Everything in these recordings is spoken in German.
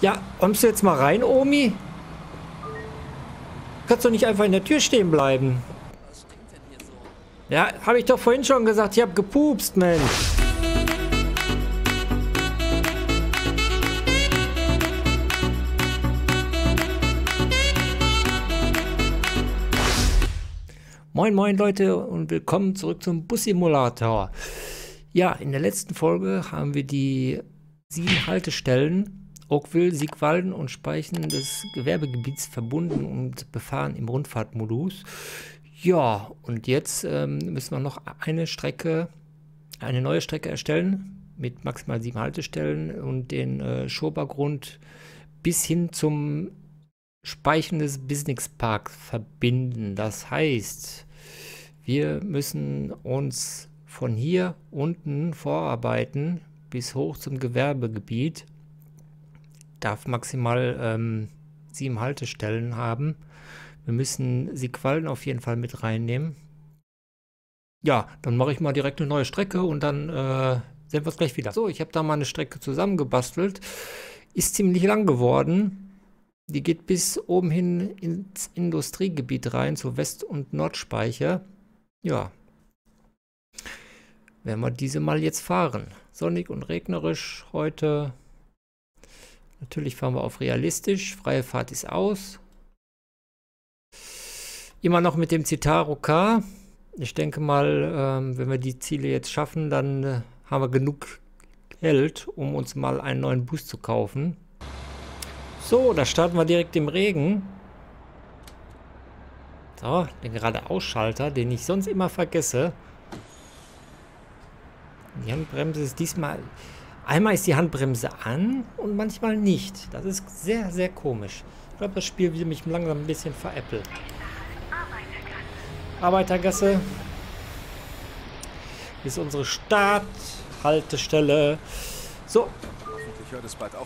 Ja, kommst du jetzt mal rein, Omi? Kannst du nicht einfach in der Tür stehen bleiben? Was stinkt denn hier so? Ja, habe ich doch vorhin schon gesagt, ich habe gepupst, Mensch. Moin, moin Leute und willkommen zurück zum Bussimulator. Ja, in der letzten Folge haben wir die sieben Haltestellen Oakville, Siegwalden und Speichen des Gewerbegebiets verbunden und befahren im Rundfahrtmodus. Ja, und jetzt ähm, müssen wir noch eine Strecke, eine neue Strecke erstellen mit maximal sieben Haltestellen und den äh, Schobergrund bis hin zum Speichen des Business Parks verbinden. Das heißt, wir müssen uns von hier unten vorarbeiten bis hoch zum Gewerbegebiet darf maximal ähm, sieben Haltestellen haben. Wir müssen Siegwalden auf jeden Fall mit reinnehmen. Ja, dann mache ich mal direkt eine neue Strecke und dann äh, sehen wir es gleich wieder. So, ich habe da mal eine Strecke zusammengebastelt. Ist ziemlich lang geworden. Die geht bis oben hin ins Industriegebiet rein, zur West- und Nordspeicher. Ja. Werden wir diese mal jetzt fahren. Sonnig und regnerisch heute. Natürlich fahren wir auf realistisch. Freie Fahrt ist aus. Immer noch mit dem Citaro K. Ich denke mal, ähm, wenn wir die Ziele jetzt schaffen, dann äh, haben wir genug Geld, um uns mal einen neuen Bus zu kaufen. So, da starten wir direkt im Regen. So, den Geradeausschalter, den ich sonst immer vergesse. Die Handbremse ist diesmal Einmal ist die Handbremse an und manchmal nicht. Das ist sehr, sehr komisch. Ich glaube, das Spiel will mich langsam ein bisschen veräppeln. Arbeitergasse. Hier ist unsere Starthaltestelle. So.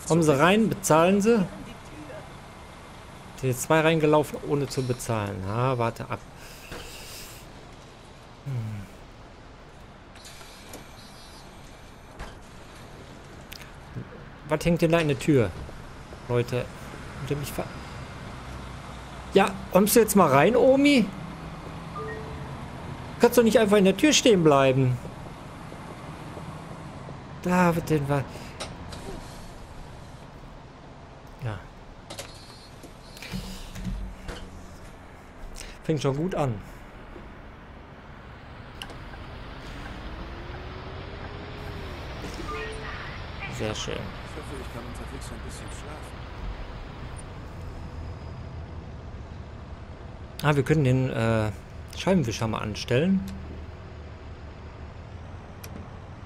Kommen Sie rein, bezahlen Sie. Sind jetzt zwei reingelaufen, ohne zu bezahlen. Ah, warte ab. Was hängt denn da in der Tür? Leute, mich ver... Ja, kommst du jetzt mal rein, Omi? Kannst du nicht einfach in der Tür stehen bleiben? Da wird denn was... Ja. Fängt schon gut an. Sehr schön dachte, ich kann unterwegs ein bisschen schlafen. Ah, wir können den äh, Scheibenwischer mal anstellen.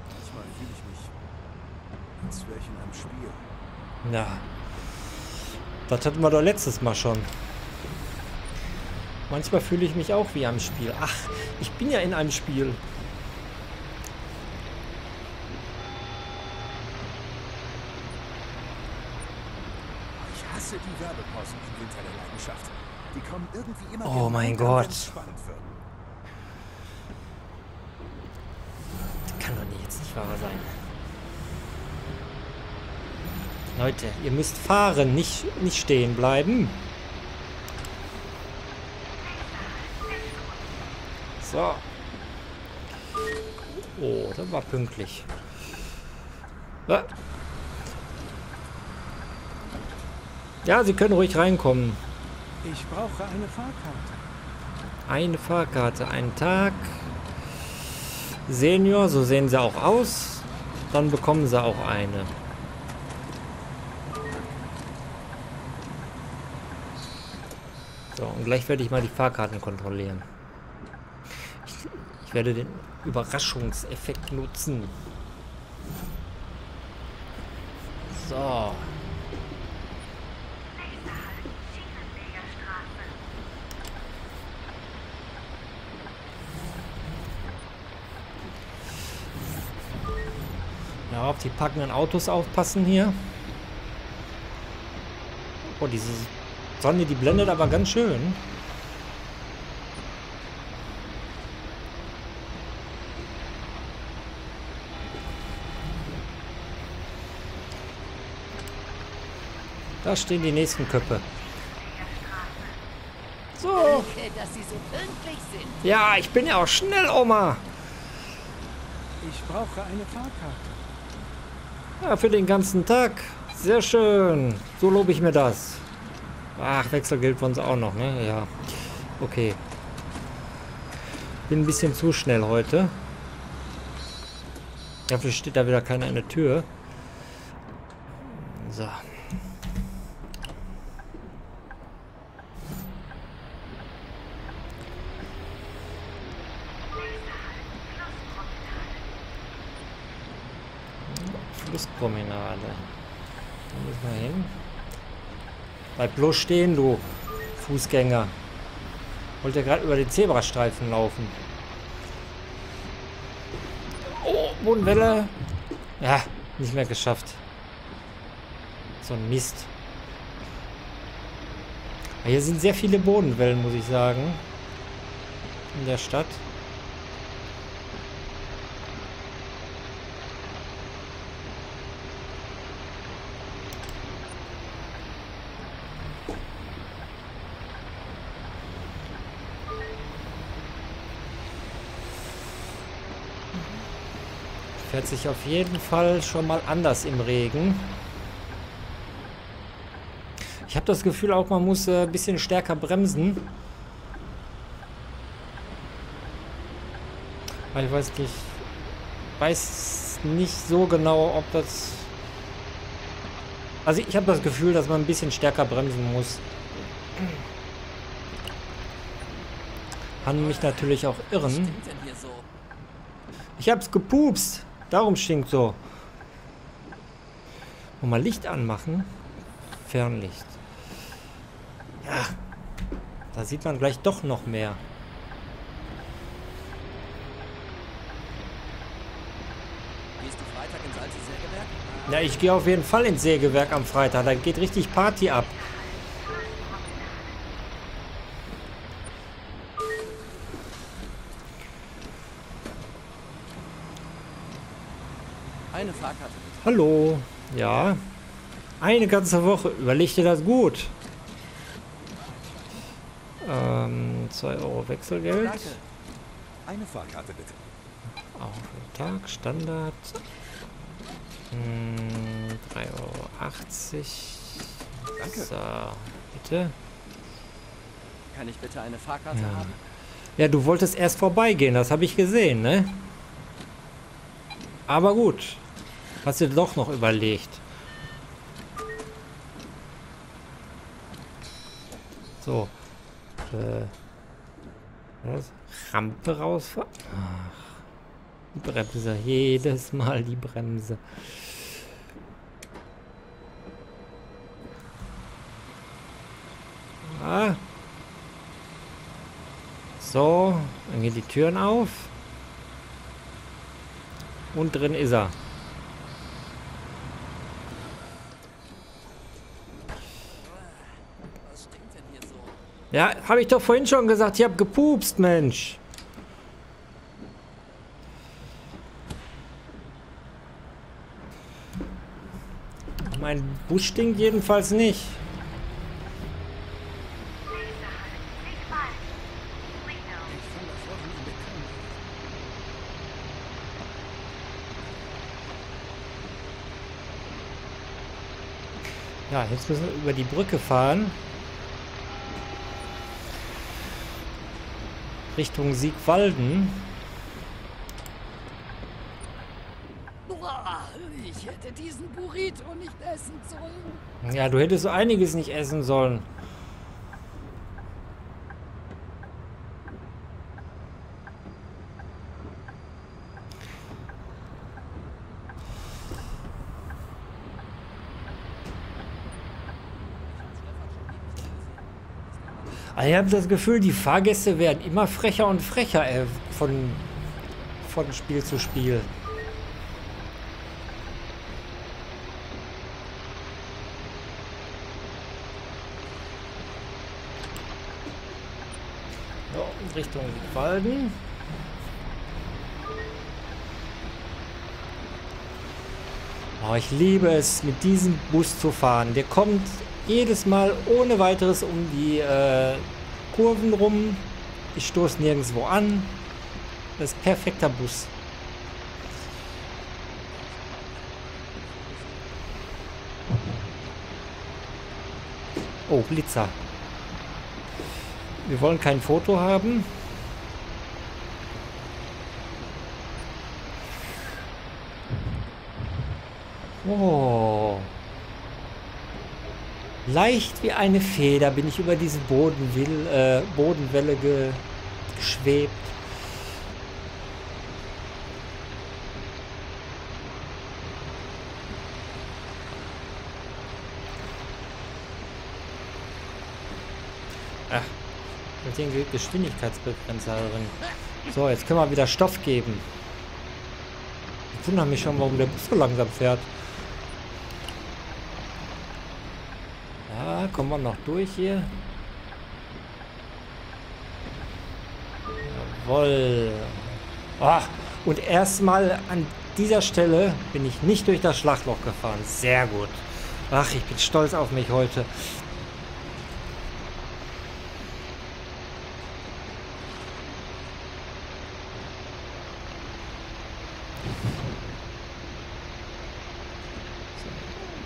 Manchmal fühle ich mich, als wäre ich in einem Spiel. Ja. Das hatten wir doch letztes Mal schon. Manchmal fühle ich mich auch wie am Spiel. Ach, ich bin ja in einem Spiel. Mannschaft. Die kommen irgendwie immer Oh mein Gott. Das kann doch nicht, jetzt nicht wahr sein. Leute, ihr müsst fahren, nicht, nicht stehen bleiben. So. Oh, das war pünktlich. Ja, Sie können ruhig reinkommen. Ich brauche eine Fahrkarte. Eine Fahrkarte, einen Tag. Senior, so sehen sie auch aus. Dann bekommen sie auch eine. So, und gleich werde ich mal die Fahrkarten kontrollieren. Ich, ich werde den Überraschungseffekt nutzen. So. Ja, auf die packenden Autos aufpassen hier. Oh, diese Sonne, die blendet aber ganz schön. Da stehen die nächsten Köpfe. So. Ja, ich bin ja auch schnell, Oma. Ich brauche eine Fahrkarte. Ja, für den ganzen Tag. Sehr schön. So lobe ich mir das. Ach, Wechsel gilt für uns auch noch, ne? Ja. Okay. Bin ein bisschen zu schnell heute. Dafür steht da wieder keiner in der Tür. So. Flusspromenade. Da müssen wir hin. Bleib bloß stehen, du Fußgänger. Wollte gerade über den Zebrastreifen laufen? Oh, Bodenwelle. Ja, nicht mehr geschafft. So ein Mist. Hier sind sehr viele Bodenwellen, muss ich sagen. In der Stadt. Fährt sich auf jeden Fall schon mal anders im Regen. Ich habe das Gefühl auch, man muss äh, ein bisschen stärker bremsen. Ich weiß nicht, weiß nicht so genau, ob das... Also ich habe das Gefühl, dass man ein bisschen stärker bremsen muss. Kann mich natürlich auch irren. Ich hab's gepupst. Darum stinkt so. Und mal Licht anmachen. Fernlicht. Ja. Da sieht man gleich doch noch mehr. Gehst du Freitag ins alte Sägewerk? Ja, ich gehe auf jeden Fall ins Sägewerk am Freitag. Da geht richtig Party ab. eine Fahrkarte. Hallo. Ja. Eine ganze Woche. Überleg dir das gut. Ähm, 2 Euro Wechselgeld. Danke. Eine Fahrkarte bitte. Auch für den Tag, Standard. 3,80 hm, Euro. Danke. So, bitte. Kann ich bitte eine Fahrkarte ja. haben? Ja, du wolltest erst vorbeigehen, das habe ich gesehen, ne? Aber gut. Hast du doch noch überlegt. So. Äh, was? Rampe rausfahren? Ach. Die Bremse. Jedes Mal die Bremse. Ah. So, dann gehen die Türen auf. Und drin ist er. Ja, habe ich doch vorhin schon gesagt, ich habe gepupst, Mensch. Mein Bus stinkt jedenfalls nicht. Ja, jetzt müssen wir über die Brücke fahren. Richtung Siegwalden. Ich hätte diesen Burrito nicht essen sollen. Ja, du hättest einiges nicht essen sollen. ich habe das Gefühl, die Fahrgäste werden immer frecher und frecher äh, von, von Spiel zu Spiel. So, Richtung Walden. Oh, ich liebe es, mit diesem Bus zu fahren. Der kommt jedes Mal ohne weiteres um die äh, Kurven rum. Ich stoße nirgendwo an. Das ist perfekter Bus. Oh, Blitzer. Wir wollen kein Foto haben. Oh. Leicht wie eine Feder bin ich über diese Bodenwelle, äh, Bodenwelle ge geschwebt. Ach, mit dem Geschwindigkeitsbegrenzer drin. So, jetzt können wir wieder Stoff geben. Ich wundere mich schon, warum der Bus so langsam fährt. Kommen wir noch durch hier? Jawoll. Ach, und erstmal an dieser Stelle bin ich nicht durch das Schlachtloch gefahren. Sehr gut. Ach, ich bin stolz auf mich heute.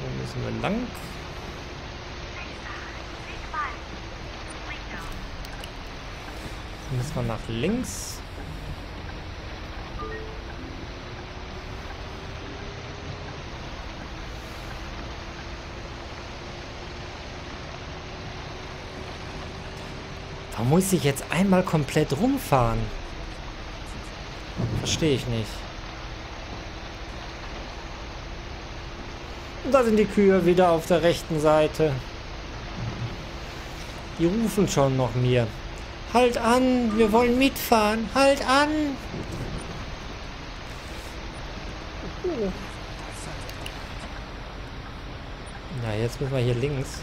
müssen wir lang? erstmal nach links. Da muss ich jetzt einmal komplett rumfahren? Verstehe ich nicht. Und da sind die Kühe wieder auf der rechten Seite. Die rufen schon noch mir. Halt an, wir wollen mitfahren. Halt an! Na, jetzt müssen wir hier links.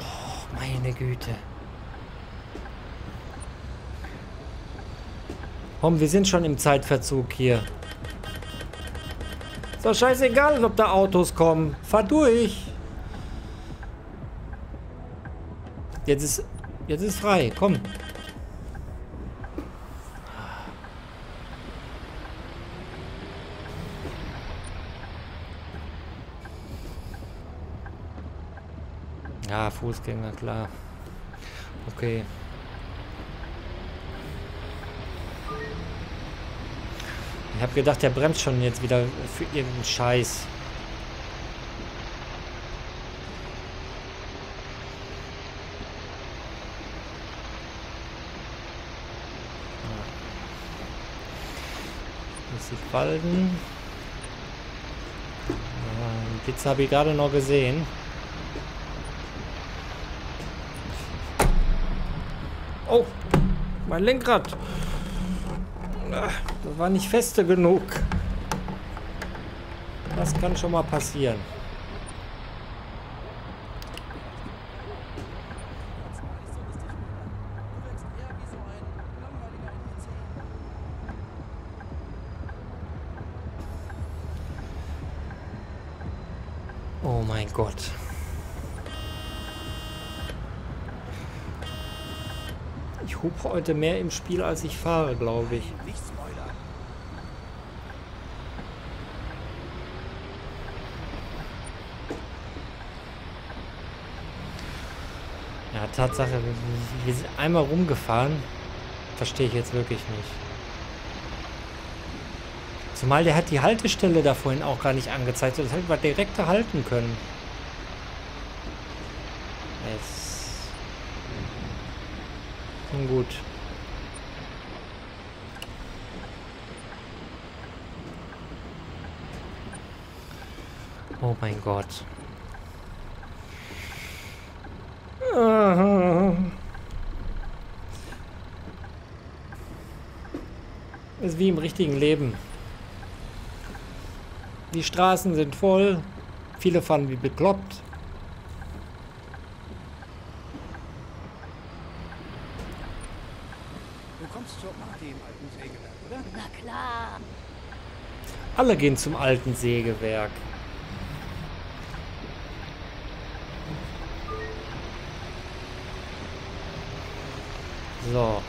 Oh, meine Güte. Komm, wir sind schon im Zeitverzug hier. Ist doch scheißegal, ob da Autos kommen. Fahr durch. Jetzt ist Jetzt ist frei. Komm. Ja, Fußgänger, klar. Okay. Ich habe gedacht, der bremst schon jetzt wieder für irgendeinen Scheiß. Walden. Pizza ähm, habe ich gerade noch gesehen. Oh, mein Lenkrad. Ah, das war nicht feste genug. Das kann schon mal passieren. Gott. Ich hub heute mehr im Spiel, als ich fahre, glaube ich. Ja, Tatsache, wir sind einmal rumgefahren. Verstehe ich jetzt wirklich nicht. Zumal der hat die Haltestelle da vorhin auch gar nicht angezeigt. Das hätten wir direkt halten können. Es. Nun gut. Oh mein Gott. Ist wie im richtigen Leben. Die Straßen sind voll, viele fahren wie bekloppt, Alle gehen zum alten Sägewerk. So.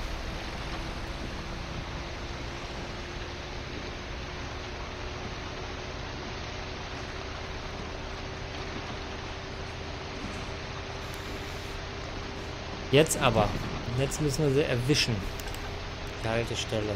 Jetzt aber. Jetzt müssen wir sie erwischen. Die Haltestelle.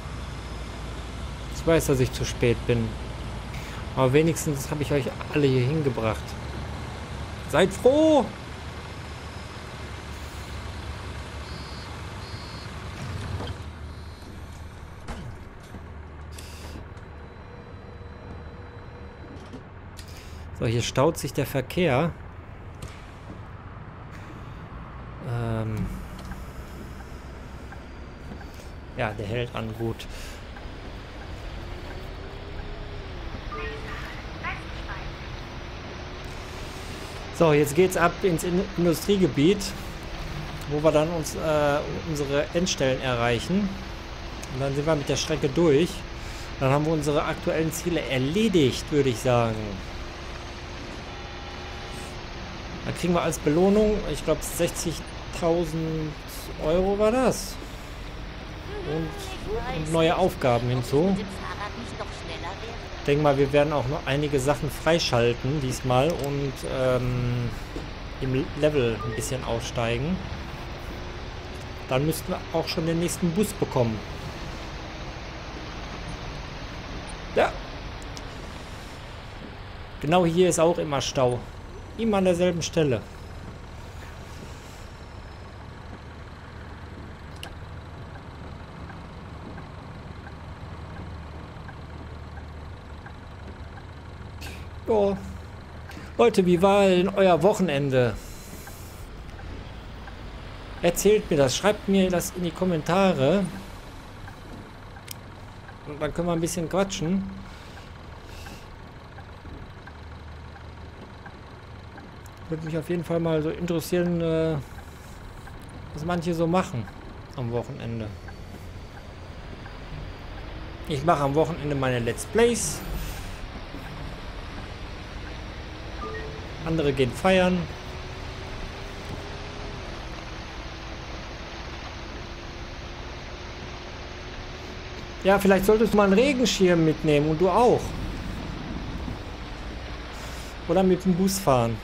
Ich weiß, dass ich zu spät bin. Aber wenigstens habe ich euch alle hier hingebracht. Seid froh! So, hier staut sich der Verkehr. Ähm ja, der hält an gut. So, jetzt geht's ab ins In Industriegebiet, wo wir dann uns, äh, unsere Endstellen erreichen. Und dann sind wir mit der Strecke durch. Dann haben wir unsere aktuellen Ziele erledigt, würde ich sagen. Dann kriegen wir als Belohnung, ich glaube 60.000 Euro war das. Und neue Aufgaben hinzu denke mal, wir werden auch noch einige Sachen freischalten diesmal und ähm, im Level ein bisschen aufsteigen. Dann müssten wir auch schon den nächsten Bus bekommen. Ja. Genau hier ist auch immer Stau. Immer an derselben Stelle. Leute, wie war denn euer Wochenende? Erzählt mir das, schreibt mir das in die Kommentare. Und dann können wir ein bisschen quatschen. Würde mich auf jeden Fall mal so interessieren, äh, was manche so machen am Wochenende. Ich mache am Wochenende meine Let's Plays. Andere gehen feiern. Ja, vielleicht solltest du mal einen Regenschirm mitnehmen und du auch. Oder mit dem Bus fahren.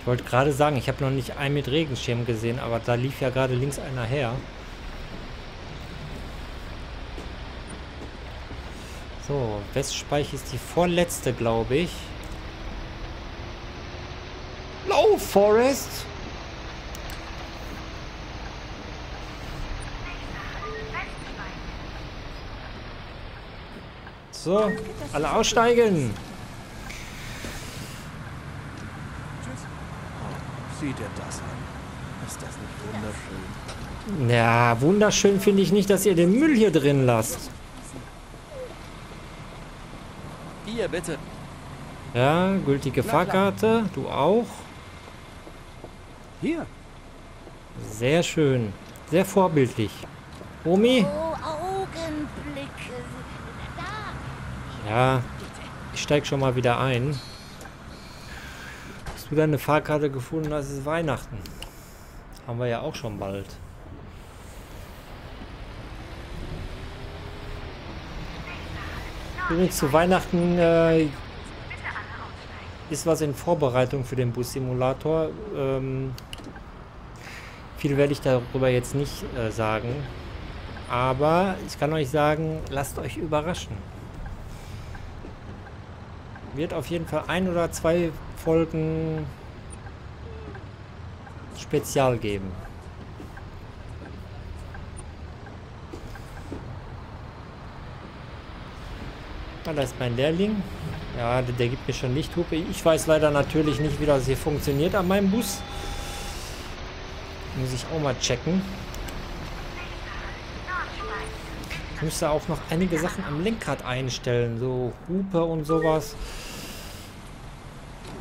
Ich wollte gerade sagen, ich habe noch nicht einen mit Regenschirm gesehen, aber da lief ja gerade links einer her. So, Westspeich ist die vorletzte, glaube ich. Low Forest! So, alle aussteigen! Oh, sieht ihr das an? Ist das nicht wunderschön? Na, wunderschön finde ich nicht, dass ihr den Müll hier drin lasst. Papier, bitte. Ja, gültige Na, Fahrkarte. Klar. Du auch. Hier. Sehr schön. Sehr vorbildlich. Omi? Oh, Augenblicke. Da. Ja, ich steig schon mal wieder ein. Dass du deine Fahrkarte gefunden hast, ist Weihnachten. Haben wir ja auch schon bald. zu Weihnachten äh, ist was in Vorbereitung für den Bus-Simulator. Ähm, viel werde ich darüber jetzt nicht äh, sagen. Aber ich kann euch sagen, lasst euch überraschen. Wird auf jeden Fall ein oder zwei Folgen Spezial geben. Ah, da ist mein Lehrling. Ja, der gibt mir schon Lichthupe. Ich weiß leider natürlich nicht, wie das hier funktioniert an meinem Bus. Muss ich auch mal checken. Ich müsste auch noch einige Sachen am Lenkrad einstellen. So Hupe und sowas.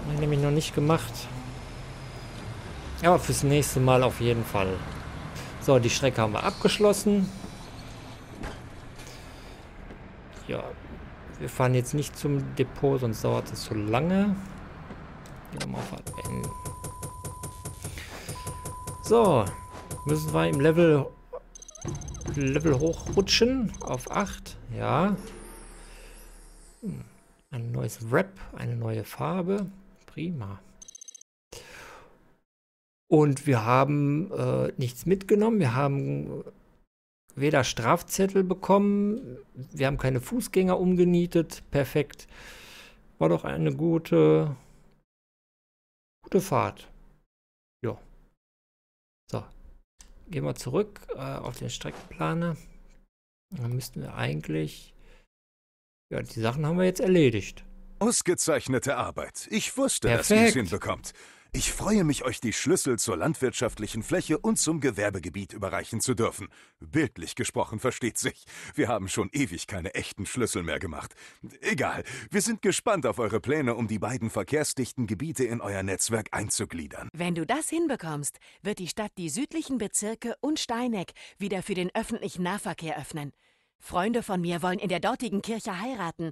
Habe nämlich noch nicht gemacht. Aber fürs nächste Mal auf jeden Fall. So, die Strecke haben wir abgeschlossen. Ja, wir fahren jetzt nicht zum Depot, sonst dauert es zu lange. So, müssen wir im Level, Level hochrutschen auf 8. Ja. Hm, ein neues Wrap, eine neue Farbe. Prima. Und wir haben äh, nichts mitgenommen. Wir haben weder Strafzettel bekommen, wir haben keine Fußgänger umgenietet. Perfekt. War doch eine gute, gute Fahrt. Ja. So. Gehen wir zurück äh, auf den Streckenplaner. Dann müssten wir eigentlich. Ja, die Sachen haben wir jetzt erledigt. Ausgezeichnete Arbeit. Ich wusste, Perfekt. dass ihr es hinbekommt. Ich freue mich, euch die Schlüssel zur landwirtschaftlichen Fläche und zum Gewerbegebiet überreichen zu dürfen. Bildlich gesprochen versteht sich. Wir haben schon ewig keine echten Schlüssel mehr gemacht. Egal, wir sind gespannt auf eure Pläne, um die beiden verkehrsdichten Gebiete in euer Netzwerk einzugliedern. Wenn du das hinbekommst, wird die Stadt die südlichen Bezirke und Steineck wieder für den öffentlichen Nahverkehr öffnen. Freunde von mir wollen in der dortigen Kirche heiraten.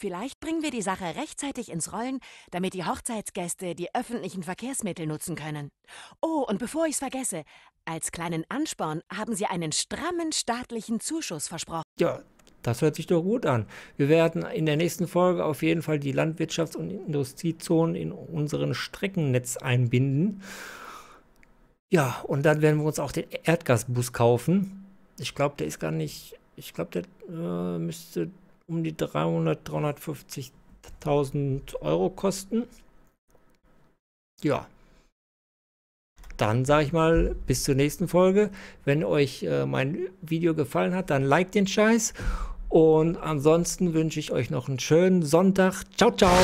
Vielleicht bringen wir die Sache rechtzeitig ins Rollen, damit die Hochzeitsgäste die öffentlichen Verkehrsmittel nutzen können. Oh, und bevor ich's vergesse, als kleinen Ansporn haben Sie einen strammen staatlichen Zuschuss versprochen. Ja, das hört sich doch gut an. Wir werden in der nächsten Folge auf jeden Fall die Landwirtschafts- und Industriezonen in unseren Streckennetz einbinden. Ja, und dann werden wir uns auch den Erdgasbus kaufen. Ich glaube, der ist gar nicht. Ich glaube, der äh, müsste um die 300, 350.000 Euro kosten. Ja. Dann sage ich mal, bis zur nächsten Folge. Wenn euch äh, mein Video gefallen hat, dann like den Scheiß. Und ansonsten wünsche ich euch noch einen schönen Sonntag. Ciao, ciao.